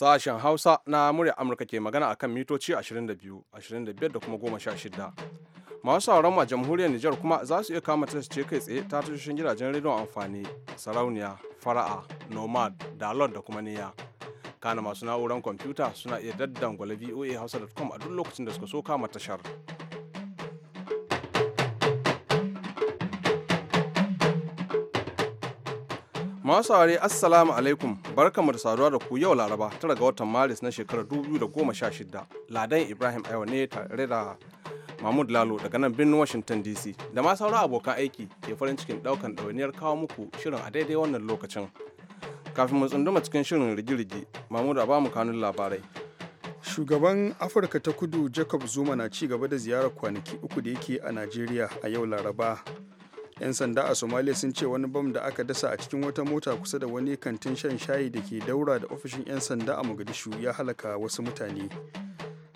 Sashen Hausa na murya Amurka ke magana a kan mitoci 22, 25 da kuma 16. Masu sauran ma jamhuriyar Nijar kuma za su iya kama ce kai tsaye ta tashoshin gidajen rediyon amfani, sarauniya, fara'a, nomad, dalon da kuma niyya. Kana masu na'urar kwamfuta suna iya daddan daddangwala voa hausa.com a duk lokacin da suka so kama tashar. Masu aure Assalamu alaikum mu da saduwa da ku yau Laraba tara ga watan Maris na shekarar sha 2016 Ladan Ibrahim Aiwa ne tare da Mahmud Lalo daga nan birnin Washington DC da ma sauran abokan aiki ke farin cikin daukan ɗawainiyar kawo muku shirin a daidai wannan lokacin. Kafin mu tsunduma cikin shirin rigirigi, Mahmud a bamu kanun labarai. Shugaban Afirka ta Kudu Jacob Zuma na ci gaba da ziyarar kwanaki uku da yake a Najeriya a yau Laraba 'yan sanda a somalia sun ce wani bam da aka dasa a cikin wata mota kusa da wani kantin shan shayi da ke daura da ofishin 'yan sanda a mogadishu ya halaka wasu mutane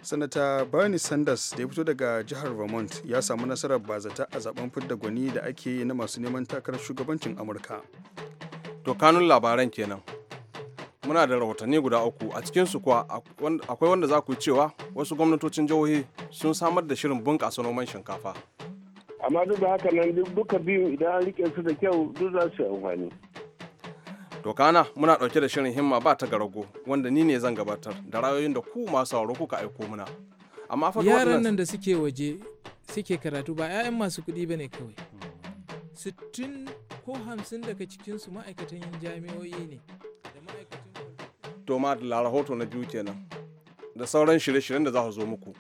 sanata bernie sanders da ya fito daga jihar vermont ya samu nasarar bazata a zaben fidda gwani da ake yi na masu neman takarar shugabancin amurka to kanun labaran kenan muna da rahotanni guda uku a cikinsu kuwa akwai wanda za ku cewa wasu gwamnatocin jihohi sun samar da shirin bunƙasa noman shinkafa amma duk da haka nan duka biyu idan an rike su da kyau duk za su yi amfani to kana muna ɗauke da shirin himma ba ta garago wanda ni ne zan gabatar da rayoyin da ku masu sauraro kuka aiko muna amma fa yaran nan da suke waje suke karatu ba 'ya'yan masu kuɗi ba ne kawai sittin ko hamsin daga cikinsu ma'aikatan jami'o'i ne da ma'aikatan to ma da rahoto na biyu kenan da sauran shirye-shiryen da za zo muku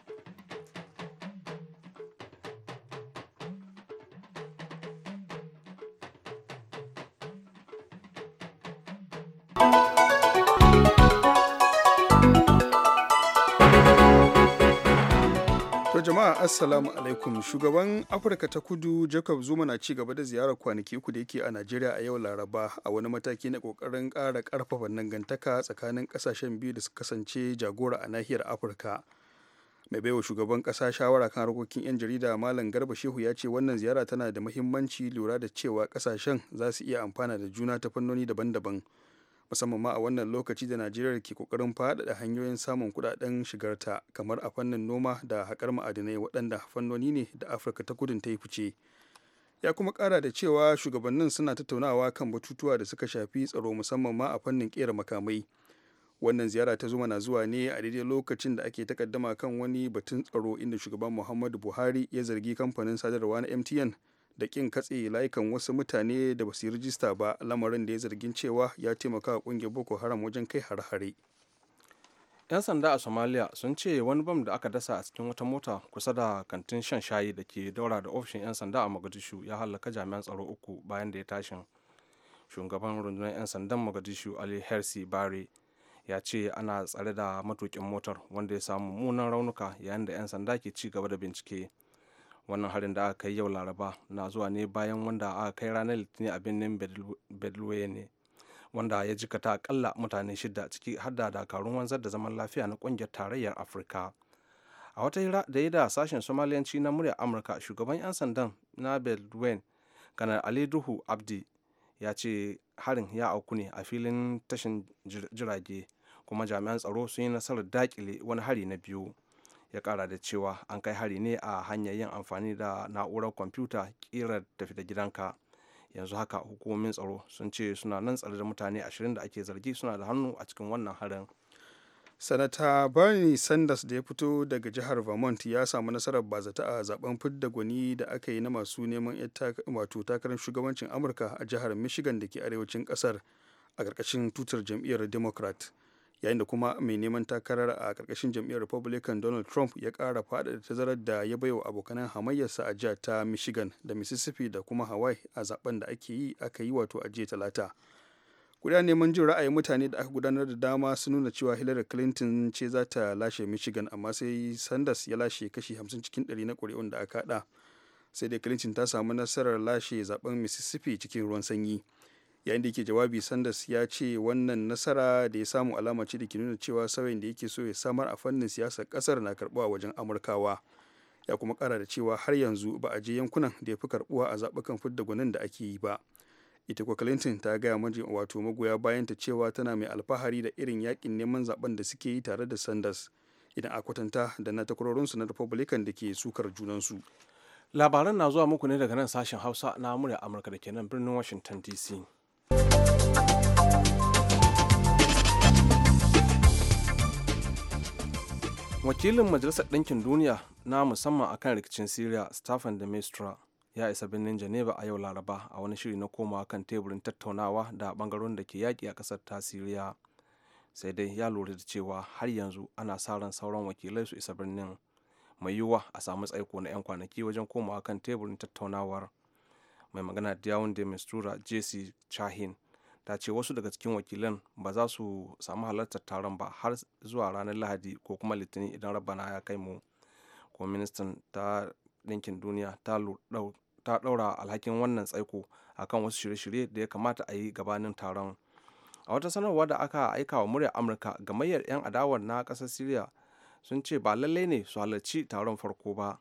assalamu alaikum shugaban afirka ta kudu jacob zuma na ci gaba da ziyarar kwanaki uku da yake a najeriya a yau laraba a wani mataki na kokarin ƙara ƙarfafa dangantaka tsakanin ƙasashen biyu da su kasance jagora a nahiyar afirka mai baiwa shugaban ƙasa shawara kan harkokin 'yan jarida malam garba shehu ya ce wannan ziyara tana da muhimmanci lura da cewa ƙasashen za su iya amfana da juna ta fannoni daban-daban musamman ma a wannan lokaci da najeriya ke kokarin faɗaɗa hanyoyin samun kuɗaɗen shigarta kamar a fannin noma da haƙar ma'adinai waɗanda fannoni ne da afirka ta kudin ta yi fice ya kuma kara da cewa shugabannin suna tattaunawa kan batutuwa da suka shafi tsaro musamman ma a fannin ƙera makamai wannan ziyara ta zuma na zuwa ne a daidai lokacin da ake takaddama kan wani batun tsaro inda shugaban muhammadu buhari ya zargi kamfanin sadarwa na mtn da kin katse layukan wasu mutane da basu yi rijista ba lamarin da ya zargin cewa ya taimaka wa kungiyar boko haram wajen kai hare-hare 'yan sanda a somalia sun ce wani bam da aka dasa a cikin wata mota kusa da kantin shan shayi da ke daura da ofishin 'yan sanda a mogadishu ya halaka jami'an tsaro uku bayan da ya tashin shugaban rundunar 'yan sandan mogadishu ali hersi bare ya ce ana tsare da matukin motar wanda ya samu munan raunuka yayin da 'yan sanda ke ci gaba da bincike wannan harin da aka yi yau laraba na zuwa ne bayan wanda aka kai ranar litinin a birnin bedlwe ne wanda ya jikata akalla mutane shida ciki har da dakarun wanzar da zaman lafiya na kungiyar tarayyar afirka a wata hira da ya da sashen somaliyanci na muryar amurka shugaban 'yan sandan na bedouin kanar ali duhu abdi ya ce harin ya auku ne a filin tashin jirage kuma jami'an tsaro sun yi nasarar dakile wani hari na biyu ya kara da cewa an kai hari ne a hanyar yin amfani da na'urar kwamfuta kirar tafi da gidanka yanzu haka hukumomin tsaro sun ce suna nan tsare da mutane 20 da ake zargi suna da hannu a cikin wannan harin sanata bernie sanders da ya fito daga jihar vermont ya samu nasarar bazata a zaben fidda gwani da aka yi na masu neman wato takarar shugabancin amurka a jihar michigan da ke arewacin kasar a karkashin tutar jam'iyyar democrat yayin da kuma mai neman takarar a karkashin jam'iyyar republican donald trump ya kara faɗaɗa tazarar da ya baiwa abokanan hamayyarsa a jihar ta michigan da mississippi da kuma hawaii a zaben da ake yi aka yi wato a jiya talata guda neman jin ra'ayin mutane da aka gudanar da dama sun nuna cewa hillary clinton ce za ta lashe michigan amma sai sanders ya lashe kashi 50 cikin ɗari na ƙuri'un da aka haɗa sai dai clinton ta samu nasarar lashe zaben mississippi cikin ruwan sanyi yayin da yake jawabi sanders ya ce wannan nasara da ya samu alama ce da ke nuna cewa sauyin da yake so ya samar a fannin siyasar kasar na karbuwa wajen amurkawa ya kuma kara da cewa har yanzu ba a je yankunan da ya fi karbuwa a zaɓukan fidda gwanin da ake yi ba ita kuwa clinton ta gaya maji wato magoya bayanta cewa tana mai alfahari da irin yakin neman zaben da suke yi tare da sanders idan a kwatanta da na takwarorinsu na republican da ke sukar junansu labaran na zuwa muku ne daga nan sashen hausa na murya amurka da ke nan birnin washington dc wakilin majalisar ɗinkin duniya na musamman akan rikicin syria stephen de mistra ya isa birnin geneva a yau laraba a wani shiri na komawa kan teburin tattaunawa da bangarorin da ke yaƙi a ƙasar ta syria sai dai ya lura da cewa har yanzu ana sa ran sauran wakilai su isa birnin mai yiwuwa a samu tsaiko na 'yan kwanaki wajen komawa kan teburin tattaunawar mai magana da yawon mistura jc chahin ta ce wasu daga cikin wakilan ba za su samu halartar taron ba har zuwa ranar lahadi ko kuma litinin idan rabana ya kai mu kuma ministan ta ɗinkin duniya ta ɗaura alhakin wannan tsaiko akan wasu shirye-shirye da ya kamata a yi gabanin taron a wata sanarwa da aka aika wa muryar amurka gamayyar 'yan adawar na ƙasar syria sun ce ba lallai ne su halarci taron farko ba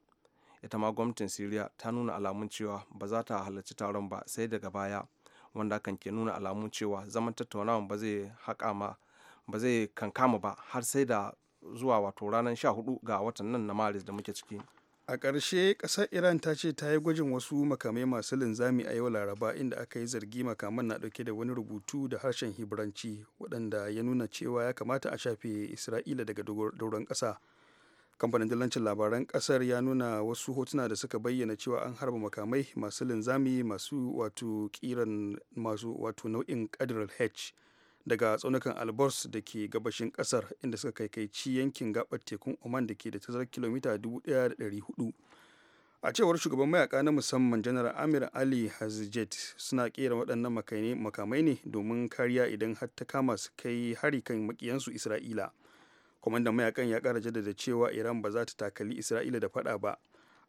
ita ma gwamnatin syria ta nuna alamun cewa ba za ta halarci taron ba sai daga baya wanda kan ke nuna alamun cewa zaman tattaunawan ba zai haƙa ma ba zai kankama ba har sai da zuwa wato ranar 14 ga watan nan na maris da muke ciki a ƙarshe ƙasar iran ta ce ta yi gwajin wasu makamai masu linzami a yau laraba inda aka yi zargi makaman na ɗauke da wani rubutu da harshen hibranci waɗanda ya nuna cewa ya kamata a shafe isra'ila daga doron ƙasa kamfanin dillancin labaran kasar ya nuna wasu hotuna da suka bayyana cewa an harba makamai masu linzami masu wato kiran masu wato nau'in kadiral h daga tsaunukan albors da ke gabashin kasar inda suka kaikaici yankin gabar tekun oman da ke da tazarar kilomita 1400 a cewar shugaban mayaka na musamman janar amir ali hazjet suna kera waɗannan makamai ne domin kariya idan har ta kama su kai hari kan makiyansu isra'ila kwamandan mayakan ya kara jaddada cewa iran ba za ta takali isra'ila da fada ba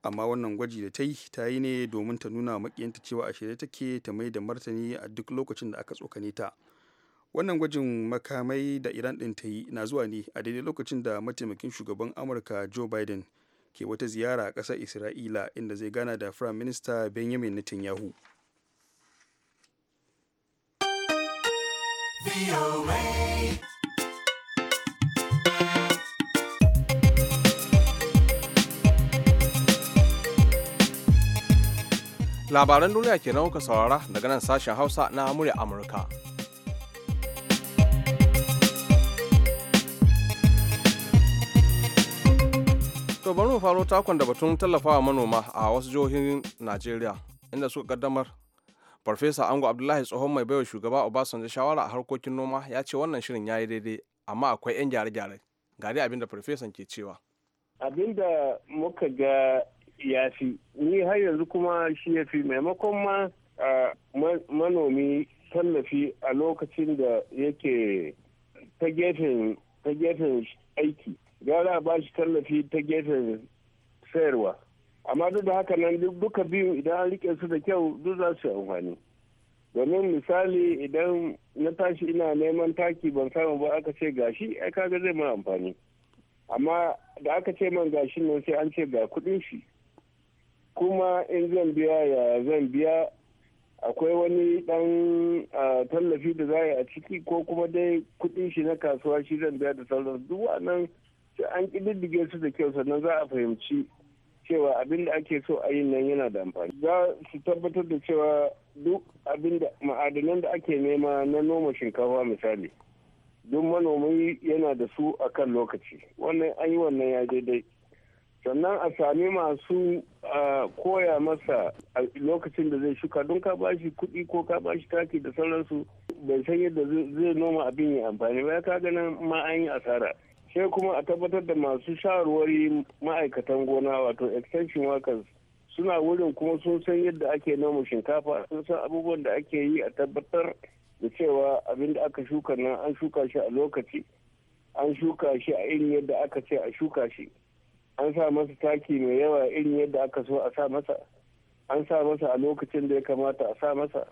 amma wannan gwaji da ta yi ta yi ne domin ta nuna makiyanta cewa a shirye take ta mai da martani a duk lokacin da aka tsokane ta wannan gwajin makamai da iran din ta yi na zuwa ne a daidai lokacin da mataimakin shugaban amurka joe biden ke wata ziyara a ƙasar isra'ila inda zai gana da firayim minista benjamin netanyahu labaran duniya ke kuka saurara daga nan sashen hausa na murya amurka To bari mu faro takon da batun tallafawa manoma a wasu jihohin Najeriya inda suka kaddamar. Farfesa Ango Abdullahi tsohon mai baiwa shugaba Obasanjo shawara a harkokin noma ya ce wannan shirin ya yi daidai amma akwai 'yan gyare-gyare. Ga abinda abin farfesan ke cewa. abinda muka ga ya fi ni har yanzu kuma shi ya fi maimakon ma manomi tallafi a lokacin da yake ta gefen aiki gara ba shi tallafi ta gefen sayarwa amma duk da haka nan duka biyu idan an rike su da kyau duk za su amfani domin misali idan na tashi ina neman taki ban samu ba aka ce gashi ai kaga zai ma amfani amma da aka ce man gashi nan sai an ce ga kudin shi kuma in zan biya ya zan biya akwai wani dan tallafi da za a yi a ciki ko kuma dai kudin shi na kasuwa shi zan biya da sauran duk wannan sai an kididdige su da kyau sannan za a fahimci cewa abin da ake so a yin nan yana da amfani za su tabbatar da cewa duk abin da ma'adanan da ake nema na noma shinkafa misali duk manomi yana da su a kan lokaci wannan an yi wannan ya daidai sannan a sami masu koya masa a lokacin da zai shuka don ka bashi kuɗi ko ka bashi taki da sauransu bai san yadda zai noma abin ya amfani ba ya kaga nan ma an yi asara sai kuma a tabbatar da masu shawarwari ma'aikatan gona wato extension workers suna wurin kuma sun san yadda ake noma shinkafa sun san abubuwan da ake yi a tabbatar da cewa abin da aka shuka nan an shuka shi a lokaci an shuka shi a irin yadda aka ce a shuka shi an sa masa taki mai yawa irin yadda aka so a sa masa an sa masa a lokacin da ya kamata a sa masa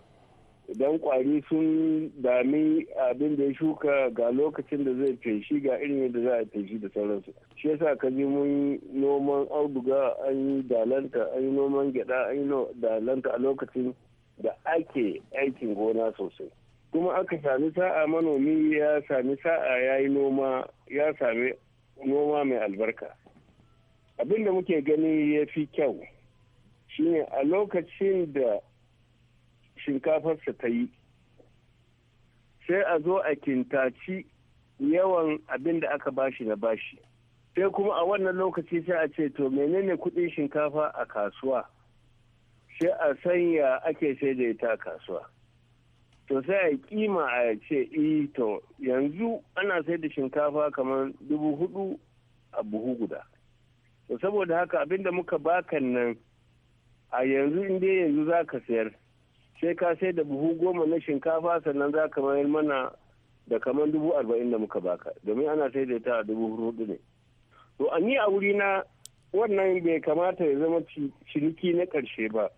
idan kwari sun dami abin da ya shuka ga lokacin da zai feshi ga irin yadda za a feshi da sauransu shi yasa ka ji mun noman auduga an yi dalanta an yi noman gyada an yi dalanta a lokacin da ake aikin gona sosai kuma aka sami sa'a manomi ya sami sa'a ya yi noma ya sami noma mai albarka abin da muke gani ya fi kyau shine a lokacin da shinkafarsa ta yi sai a zo a kintaci yawan abin da aka bashi na bashi sai kuma a wannan lokaci sai a ce to menene kudin shinkafa a kasuwa sai a sanya ake sai da ita a kasuwa to sai a kima a ce eh, to yanzu ana sai da shinkafa kamar dubu hudu a buhu guda to saboda haka da muka baka nan a yanzu in dai yanzu za ka sayar sai ka sai da buhu goma na shinkafa sannan za ka mayar mana da kamar dubu arba'in da muka baka domin ana sai da ta dubu hudu ne to an yi a wuri na wannan bai kamata ya zama ciniki na karshe ba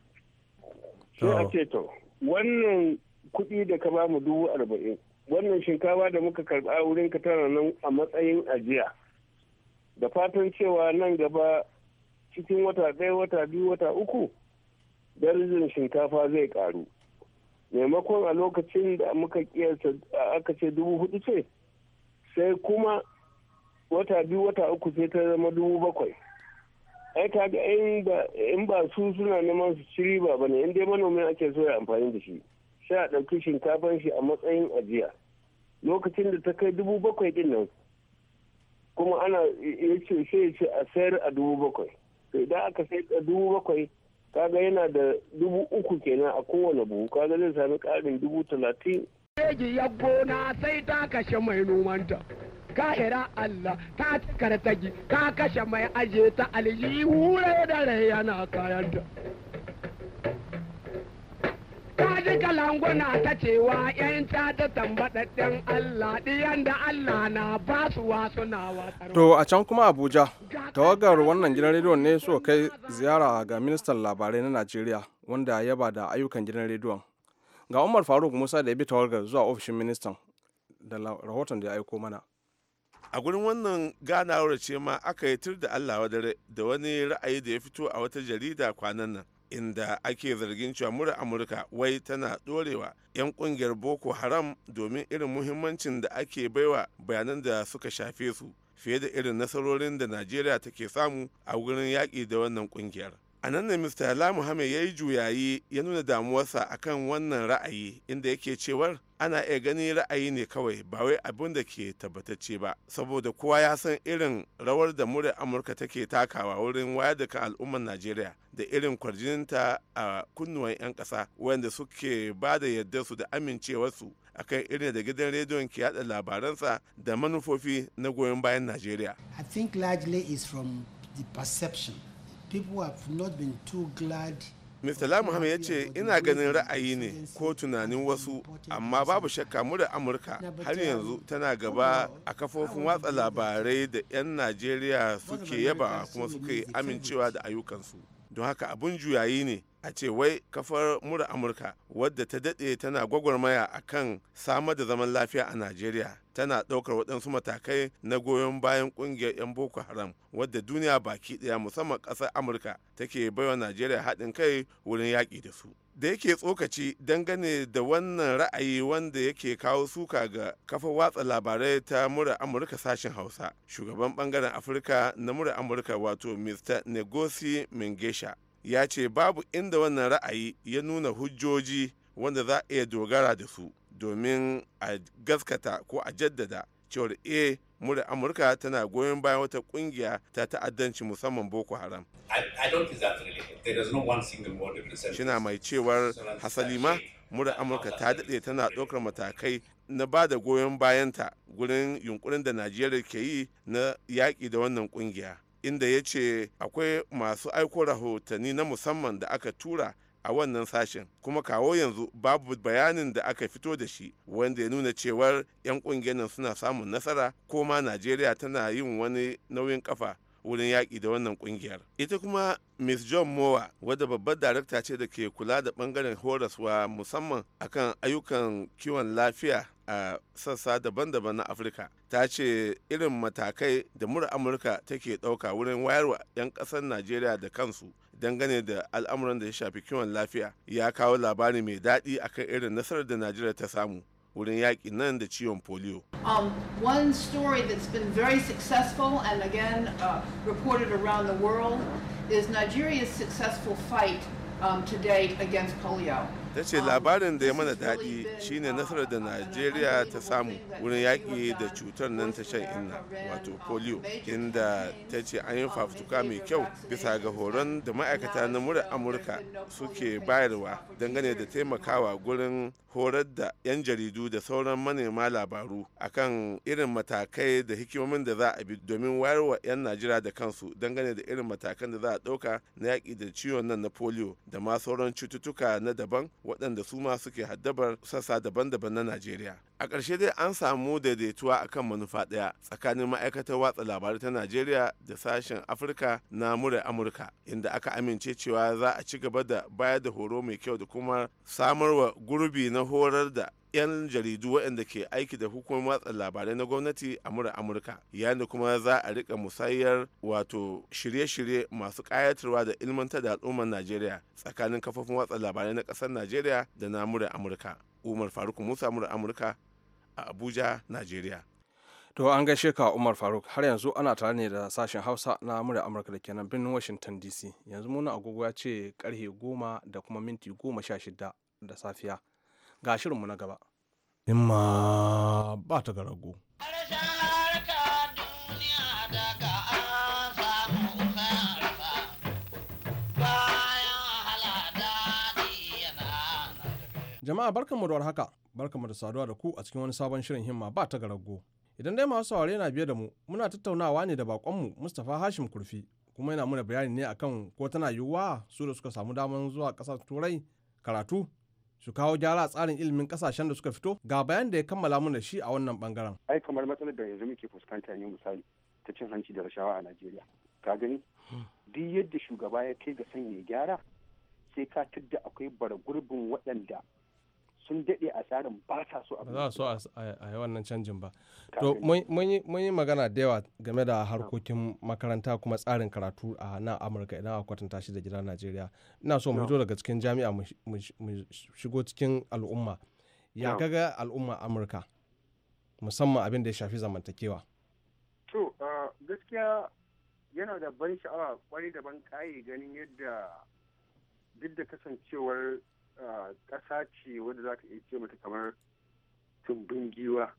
sai a ce to wannan kuɗi da ka bamu dubu arba'in wannan shinkafa da muka karɓa wurin ka tana nan a matsayin ajiya da fatan cewa nan gaba cikin wata ɗaya wata biyu wata uku darajin shinkafa zai karu maimakon a lokacin da muka kiyasta aka ce dubu hudu ce sai kuma wata biyu wata uku sai ta zama dubu bakwai ai ga in ba su suna neman su ci ba ne in dai manomi ake so ya amfani da shi sai a ɗauki shinkafan shi a matsayin ajiya lokacin da ta kai dubu bakwai din nan kuma ana yace sai ya ce a sayar a dubu bakwai to idan aka sayar a dubu bakwai kaga yana da dubu uku kenan a kowane buhu kaga zai sami karin dubu talatin. Jeji ya gona sai ta kashe mai ka hira Allah ta kartagi ka kashe mai aje ta aljihu da rayana yana kayanta. kaji languna ta cewa yan da tambaɗaɗɗen Allah ɗiyan da Allah na ba su wasu na To a can kuma Abuja, tawagar wannan gidan rediyon ne so kai ziyara ga ministan labarai na Najeriya wanda ya ba da ayyukan gidan rediyon. Ga Umar Faruk Musa da ya bi tawagar zuwa ofishin ministan da rahoton da ya aiko mana. a gurin wannan ganawar ce ma aka yi tur da allah da wani ra'ayi da ya fito a wata jarida kwanan nan inda ake zargin cewa mura amurka wai tana dorewa 'yan kungiyar boko haram domin irin muhimmancin da ake baiwa bayanan da suka shafe su fiye da irin nasarorin da najeriya take samu a wurin yaƙi da wannan kungiyar a nan ne mr ya yi juyayi ya nuna damuwarsa akan wannan ra'ayi inda yake cewar ana iya gani ra'ayi ne kawai ba wai abin da ke tabbatacce ba saboda kowa ya san irin rawar da mura amurka take takawa wurin wayar da kan al'ummar najeriya da irin kwarjininta a kunnuwan 'yan ƙasa wanda suke ba da yarda su da amincewarsu akan irin da gidan rediyon ke yada labaransa da manufofi na goyon bayan najeriya i think largely is from the perception Mr. Lai Muhammad ya ce ina ganin ra'ayi ne ko tunanin wasu amma babu shakka murar Amurka har yanzu tana gaba a kafofin watsa labarai da 'yan Najeriya suke yaba kuma suke amincewa da ayyukansu. Don haka abun juyayi ne a ce wai kafar mura Amurka wadda ta daɗe tana gwagwarmaya akan samar da zaman lafiya a Najeriya tana ɗaukar waɗansu matakai na goyon bayan ƙungiyar 'yan boko haram wadda duniya baki ɗaya musamman ƙasar amurka take baiwa najeriya haɗin kai wurin yaƙi da su da yake tsokaci dangane da wannan ra'ayi wanda yake kawo suka ga kafa watsa labarai ta mura amurka sashen hausa shugaban bangaren afirka na mura amurka wato mr negosi mingesha ya ce babu inda wannan ra'ayi ya nuna hujjoji wanda za a iya dogara da su domin a gaskata ko a jaddada cewar a eh, mura amurka tana goyon bayan wata kungiya ta ta'addanci musamman boko haram shina mai cewar hasalima mura amurka ta daɗe tana ɗaukar matakai na ba da goyon bayanta gurin yunkurin da najeriya ke yi na yaƙi da wannan kungiya inda ya ce akwai masu aiko rahotanni na musamman da aka tura a wannan sashen kuma kawo yanzu babu bayanin da aka fito da shi wanda ya nuna cewar 'yan kungiyar nan suna samun nasara ko ma najeriya tana yin wani nauyin kafa wurin yaƙi da wannan ƙungiyar ita kuma miss john mowa wadda babbar darakta ce da ke kula da ɓangaren horaswa musamman akan ayyukan kiwon lafiya a sassa daban-daban na afirka ta ce irin matakai da mura amurka take ɗauka wurin wayarwa 'yan ƙasar najeriya da kansu dangane da al'amuran da ya shafi kiwon lafiya ya kawo labari mai daɗi akan irin nasarar da najeriya ta samu wurin yaƙi nan da ciwon polio. Um, one story that's been very successful and again uh, reported around the world is Nigeria's successful fight um, to date against polio. ta ce labarin da ya mana daɗi shine nasarar da najeriya ta samu wurin yaƙi da cutar nan ta shan inna wato polio inda ta ce an yi fafutuka mai kyau bisa ga horon da ma'aikata na mura amurka suke bayarwa dangane da taimakawa gurin horar da 'yan jaridu da sauran manema labaru akan irin matakai da hikimomin da za a bi domin wayarwa 'yan najeriya da kansu dangane da irin matakan da za a ɗauka na yaƙi da ciwon nan na polio da ma sauran cututtuka na daban waɗanda su ma suke haddabar sassa daban-daban na najeriya a ƙarshe dai an samu daidaituwa a kan manufa ɗaya tsakanin ma'aikatar watsa labarai ta najeriya da sashen afirka na murar amurka inda aka amince cewa za a ci gaba da bayar da horo mai kyau da kuma samarwa gurbi na horar da 'yan jaridu waɗanda ke aiki da hukumar watsa labarai na gwamnati a murar amurka yayin da kuma za a riƙa musayar wato shirye-shirye masu ƙayatarwa da ilmantar da al'ummar najeriya tsakanin kafofin watsa labarai na ƙasar najeriya da na murar amurka umar faruk musa mura amurka a abuja nigeria to an gaishe ka umar faruk har yanzu ana tare ne da sashen hausa na mura amurka da kenan birnin washington dc yanzu muna agogo ya ce karhe goma da kuma minti goma sha shida da safiya ga shirinmu na gaba imma ba ta garago Jama'a barkanmu da warhaka, barkanmu da saduwa da ku a cikin wani sabon shirin himma ba ta garago. Idan dai masu saurare na biye da mu, muna tattaunawa ne da mu Mustapha Hashim Kurfi, kuma yana muna bayani ne akan ko tana yiwuwa su da suka samu damar zuwa ƙasar Turai karatu su kawo gyara a tsarin ilimin kasashen da suka fito ga bayan da ya kammala mun da shi a wannan bangaren. Ai kamar matsalar da yanzu muke fuskanta ne misali ta cin hanci da rashawa a Najeriya. Ka gani? Hmm. Duk yadda shugaba ya kai ga sanya gyara sai ka tadda akwai bara gurbin waɗanda sun daɗe a tsarin ba sa so a za so a yi wannan canjin ba to mun yi magana da yawa game da harkokin makaranta kuma tsarin karatu a nan amurka idan a kwatanta shi da gidan najeriya ina so mu fito daga cikin jami'a mu shigo cikin al'umma ya kaga al'umma amurka musamman abin da ya shafi zamantakewa to gaskiya yana da ban sha'awa kwarai da ban kaye ganin yadda duk da kasancewar ƙasa ce wanda za ka iya ce mata kamar tumbin giwa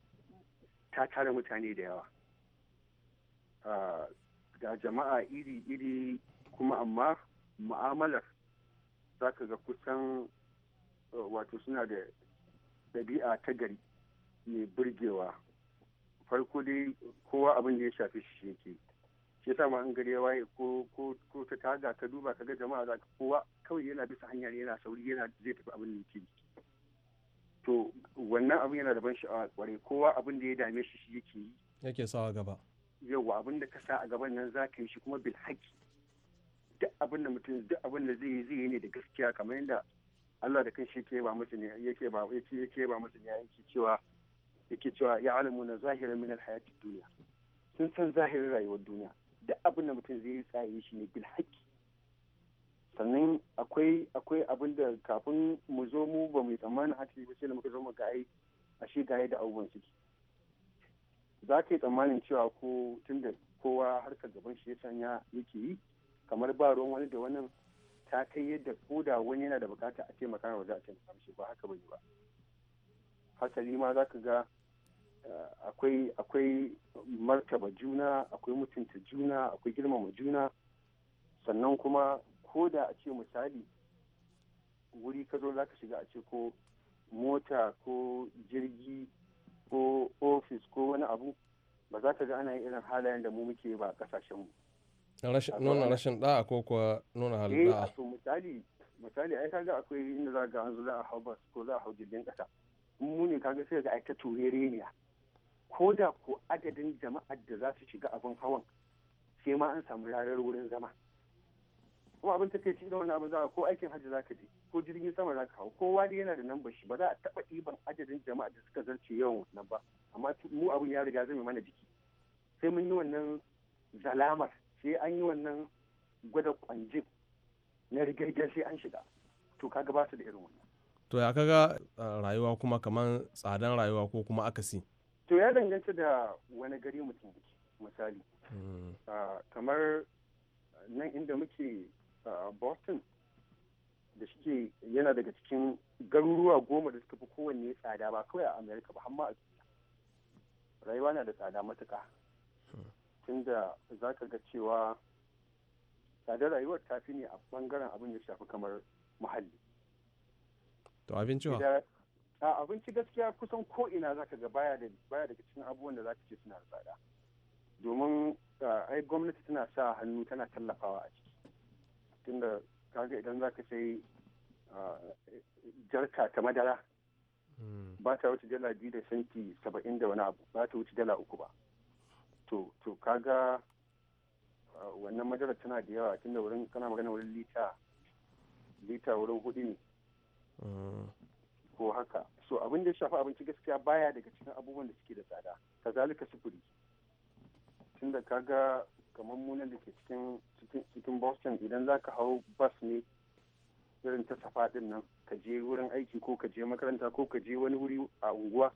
ta tara mutane da yawa ga jama'a iri-iri kuma amma ma'amalar za ka ga kusan wato suna da ɗabi'a ta gari mai burgewa farko dai kowa abin da ya shafi shi ya sa ma an gari ya waye ko ko ko ta taga ka duba ka ga jama'a za ka kowa kawai yana bisa hanyar yana sauri yana zai tafi abin da yake to wannan abin yana da ban sha'awa kware kowa abin da ya dame shi shi yake yi yake sawa gaba yawa abin da ka sa a gaban nan za ka yi shi kuma bil haƙi duk abin da mutum duk abin da zai yi zai yi ne da gaskiya kamar yadda Allah da kanshi yake ba mutum ne yake ba yake yake ba mutum ne yake cewa yake cewa ya alamu na min al-hayati dunya sun san zahirin rayuwar duniya duk abin da mutum zai tsaye shi ne bil haƙƙi sannan akwai akwai abin da kafin mu zo mu ba mu tsammanin haka ba sai da muka zo mu gaye shi gaye da abubuwan ciki za ka yi tsammanin cewa ko tun da kowa harkar gaban shi ya sanya yake yi kamar ba ruwan wani da wannan ta kai yadda ko da wani yana da bukata a taimaka wa za a taimaka mishi ba haka bai ba hasali ma za ka ga akwai martaba juna akwai mutunta juna akwai girmama juna sannan kuma ko da a ce misali wuri ka zo za ka shiga a ce ko mota ko jirgi ko ofis ko wani abu ba za ka ga ana yi irin halayen da mu muke ba a mu. nuna rashin da'a ko kuwa nuna halin da'a. Eh, misali misali ai kaga akwai inda za ga an zo za a hau bas ko za a hau jirgin kasa. Mu ne kaga sai ga aikata turere ne ko da ko adadin jama'a da za su shiga abin hawan sai ma an samu rarar wurin zama kuma abin ta shi da wani abin za ko aikin hajji za ka je ko jirgin sama za ka hau kowa dai yana da nan shi ba za a taba ɗiban adadin jama'a da suka zarce yawan nan ba amma mu abin ya riga zai mana jiki sai mun yi wannan zalamar sai an yi wannan gwada kwanjin na rigirgar sai an shiga to kaga ba su da irin wannan to ya kaga rayuwa kuma kamar tsadan rayuwa ko kuma akasi to ya danganta da wani gari mutum misali mm. ah, kamar nan inda muke ah, boston da suke yana daga cikin garuruwa goma da suka fi kowanne tsada ba kawai a amerika ba amma a rayuwa na da tsada matuka hmm. tunda za ka ga cewa tsadar rayuwar tafi ne a bangaren abin da shafi kamar muhalli to abinci a abinci gaskiya kusan ko ina zaka ga baya da baya daga cikin abubuwan da zaka ce suna da tsada domin ai gwamnati tana sa hannu tana tallafawa a ciki tunda kaga idan zaka sai jarka ta madara hmm. ba ta wuce dala biyu da senti saba'in da wani abu ba ta wuce dala uku ba to to kaga wannan madara tana da yawa tunda wurin kana magana wurin lita lita wurin hudu ne hmm. ko haka so abin da ya shafi abinci gaskiya baya daga cikin abubuwan da suke da tsada kazalika sufuri tun da kaga kamar munan da ke cikin cikin boston idan za ka hau bas ne irin ta safa din nan ka je wurin aiki ko ka je makaranta ko ka je wani wuri a unguwa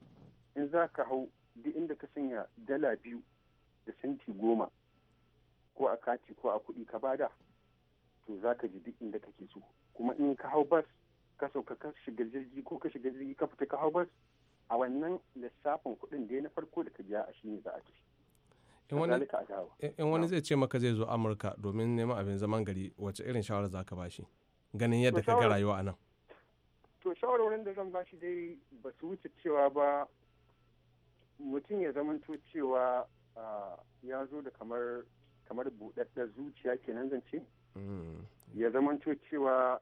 in za ka hau duk inda ka sanya dala biyu da senti goma ko a kati ko a kuɗi ka bada to za ka ji duk inda kake so kuma in ka hau bas ka sauka ka shiga jirgi ko ka shiga jirgi ka fita ka hau bas a wannan lissafin kuɗin da na farko da ka biya a shi ne za a tafi in wani zai ce maka zai zo amurka domin neman abin zaman gari wace irin shawara za ka bashi ganin yadda ka ga rayuwa a nan to shawara shawarwarin da zan bashi dai ba su wuce cewa ba mutum ya zamanto cewa ya zo da kamar kamar buɗaɗɗar zuciya kenan zan ce mm. ya zamanto cewa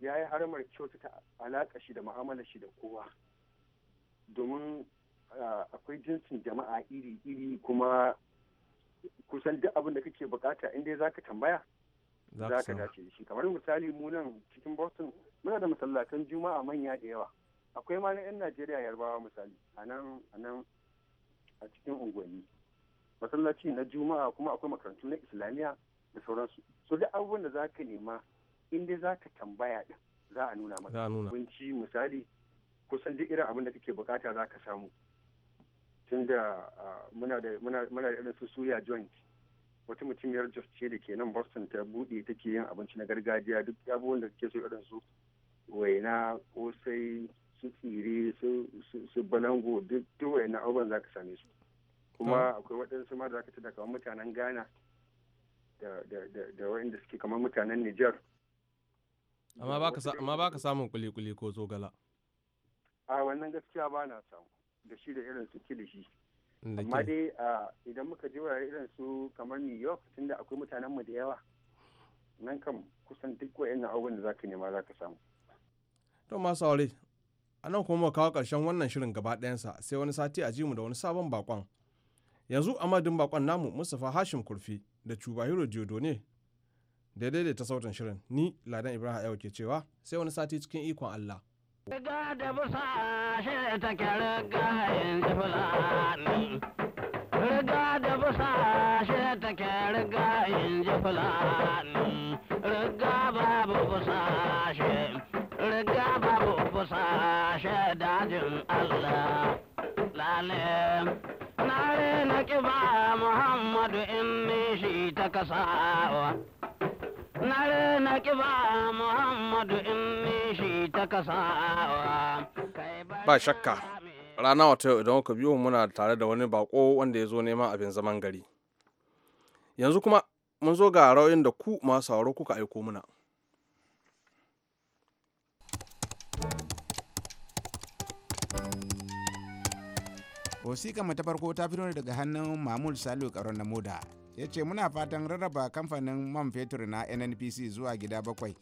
ya yi haramar kyautata alaƙa shi da mu'amala shi da kowa domin akwai jinsin jama'a iri-iri kuma kusan duk abin da kake bukata inda za ka tambaya za ka dace shi kamar misali mu nan cikin boston muna da masallatan juma'a manya da yawa akwai ma na 'yan najeriya yarbawa misali a nan a cikin unguwanni masallaci na juma'a kuma akwai makarantu na islamiyya da sauransu so duk abubuwan da za ka nema in dai za ka tambaya din za a nuna maka abinci misali kusan duk irin abin da kake bukata za ka samu tun da muna da irin su suya joint wata mutumiyar jos ce da ke nan boston ta buɗe take yin abinci na gargajiya duk abubuwan da kake so irin su waina kosai su tsire su balango duk waina abubuwan za ka same su kuma akwai waɗansu ma da za ka ci da kamar mutanen ghana da waɗanda suke kamar mutanen niger amma ba ka samun kuli ko zogala a wannan gaskiya ba na samu da shi da irin su kilishi amma dai idan muka je wurare irin su kamar new york tunda akwai mutanen mu da yawa nan kam kusan duk yana abubuwan da za ka nema za ka samu to ma aure a nan kuma kawo karshen wannan shirin gaba ɗayansa sai wani sati a ji mu da wani sabon bakon yanzu amadin bakon namu mustapha hashim kurfi da cuba hiro ne Daidai da ta sautin shirin ni ladan ibrahim yau ke cewa sai wani sati cikin ikon allah riga da busa shi ta ke riga yin fulani riga da busa shi riga yin fulani riga babu busa shi riga babu busa shi dajin allah lalim na na kiba muhammadu in shi ta kasawa har na kiba Muhammadu in ta kasawa. Ba shakka, rana wata yau idan kuka biyo muna tare da wani bako wanda ya zo neman abin zaman gari. Yanzu kuma mun zo ga rauyin da ku masu sauro kuka aiko muna. wasiƙa mata farko ta fito daga hannun mamul salu karon na moda ya ce muna fatan rarraba kamfanin man fetur na nnpc zuwa gida bakwai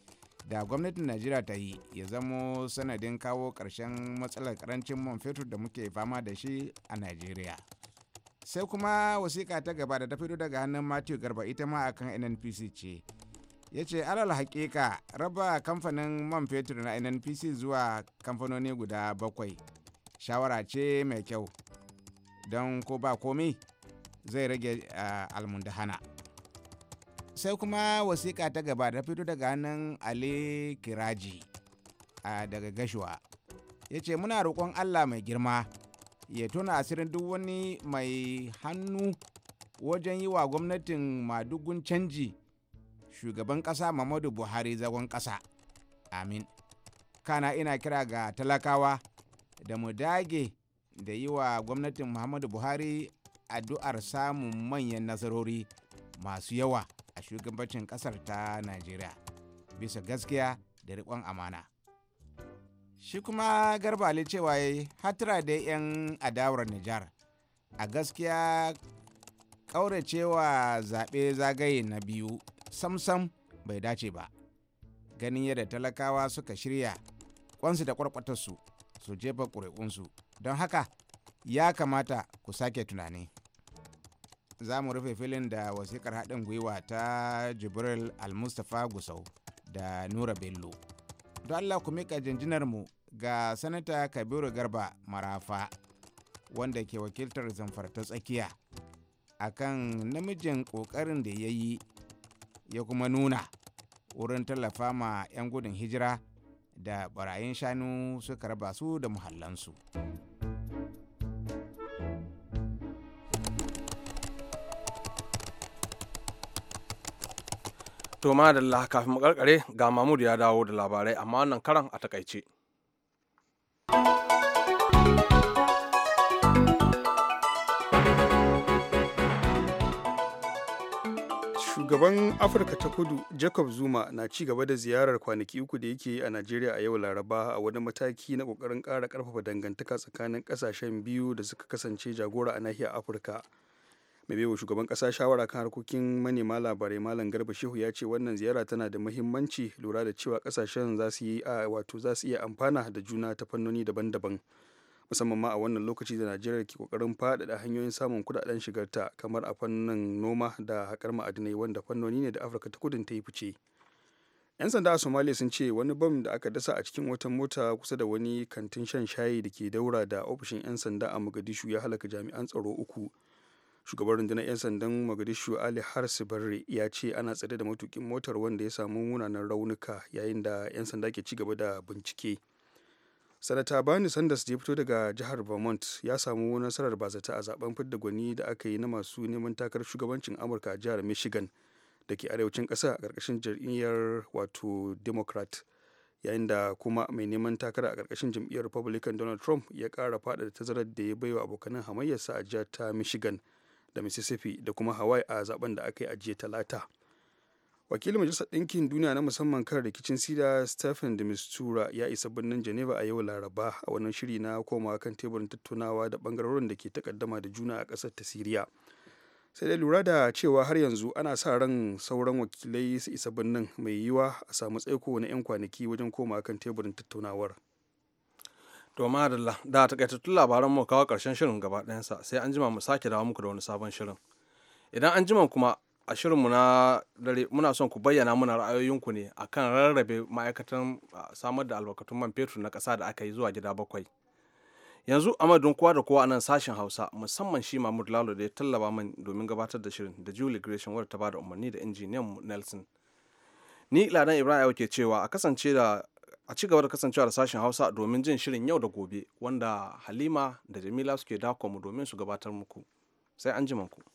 da gwamnatin najeriya ta yi ya zamo sanadin kawo karshen matsalar karancin man fetur da muke fama da shi a najeriya sai kuma wasiƙa ta gaba da ta fito daga hannun matthew garba ita ma akan nnpc ce ya ce alal haƙiƙa raba kamfanin man fetur na nnpc zuwa kamfanoni guda bakwai shawara ce mai kyau don ko ba komai zai rage ah, almundahana sai kuma wasiƙa ta gaba ta fito daga hannun ali kiraji ah, daga gashuwa ya ce muna roƙon allah mai girma ya tuna asirin duk wani mai hannu wajen yi wa gwamnatin madugun canji shugaban ƙasa mamadu Buhari zagon ƙasa. Amin. Kana ina kira ga talakawa da mu dage da yi wa gwamnatin muhammadu buhari addu'ar samun manyan nasarori masu yawa a shugabancin kasar ta najeriya bisa gaskiya da riƙon amana shi kuma garbali cewa ya yi hatira da 'yan adawar nijar a gaskiya ƙauracewa zaɓe zagaye na biyu samsam bai dace ba ganin yadda talakawa suka shirya kwansu da kwarkwatarsu su jefa ƙuri'unsu don haka ya kamata ku sake tunani za mu rufe filin da wasikar haɗin gwiwa ta jibril mustapha gusau da nura bello don allah ku mika jinjinarmu ga sanata kabiru garba marafa wanda ke wakiltar zamfar ta tsakiya kan namijin ƙoƙarin da ya yi ya kuma nuna wurin tallafa ma 'yan gudun hijira da barayin shanu suka raba su da muhallansu. To da kafin mu ga Mahmud ya dawo da labarai amma wannan karan a takaice. shugaban afirka ta kudu jacob zuma na ci gaba da ziyarar kwanaki uku da yake yi a najeriya a yau laraba a wani mataki na kokarin kara karfafa dangantaka tsakanin kasashen biyu da suka kasance jagora a nahiyar afirka mai baiwa shugaban ƙasa shawara kan harkokin manema labarai malam garba shehu ya ce wannan ziyara tana da muhimmanci lura da cewa kasashen za su yi wato za su iya amfana da juna ta fannoni daban-daban musamman ma a wannan lokaci da najeriya ke kokarin faɗaɗa hanyoyin samun kudaden shigarta kamar a fannin noma da haƙar ma'adinai wanda fannoni ne da afirka ta kudin ta yi fice 'yan sanda a somalia sun ce wani bam da aka dasa a cikin wata mota kusa da wani kantin shan shayi da ke daura da ofishin 'yan sanda a mogadishu ya halaka jami'an tsaro uku shugaban rundunar 'yan sandan mogadishu ali harsi barre ya ce ana tsare da matukin motar wanda ya samu munanan raunuka yayin da 'yan sanda ke ci gaba da bincike sanata bani sanders da ya fito daga jihar vermont ya samu nasarar bazata a zaben fidda gwani da aka yi na masu neman takarar shugabancin amurka a jihar michigan da ke arewacin kasa a ƙarƙashin jam'iyyar wato democrat yayin da kuma mai neman takara a ƙarƙashin jam'iyyar republican donald trump ya ƙara faɗa tazarar da ya baiwa abokanin hamayyarsa a jihar ta michigan da mississippi da kuma hawaii a zaben da aka yi a jiya talata wakilin majalisar ɗinkin duniya na musamman kan rikicin sida stephen de mistura ya isa birnin geneva a yau laraba a wannan shiri na komawa kan teburin tattaunawa da ɓangarorin da ke takaddama da juna a ƙasar ta siriya sai dai lura da cewa har yanzu ana sa ran sauran wakilai su isa birnin mai yiwa a samu tsaiko na 'yan kwanaki wajen komawa kan teburin tattaunawar to madalla da takaitattun labaran mu kawo karshen shirin gaba ɗayansa sai an jima mu sake dawo muku da wani sabon shirin idan an jima kuma a shirinmu na dare muna son ku bayyana muna ra'ayoyinku ne akan rarrabe ma'aikatan samar da albarkatun man fetur na ƙasa da aka yi zuwa gida bakwai yanzu amadun kowa da kowa a nan sashen hausa musamman shi mahmud lalo da ya tallaba min domin gabatar da shirin da julie gresham wadda ta bada umarni da injiniyan nelson ni ladan ibrahim ke cewa a kasance da a ci gaba da kasancewa da sashen hausa domin jin shirin yau da gobe wanda halima da jamila suke dakon mu domin su gabatar muku sai an ku.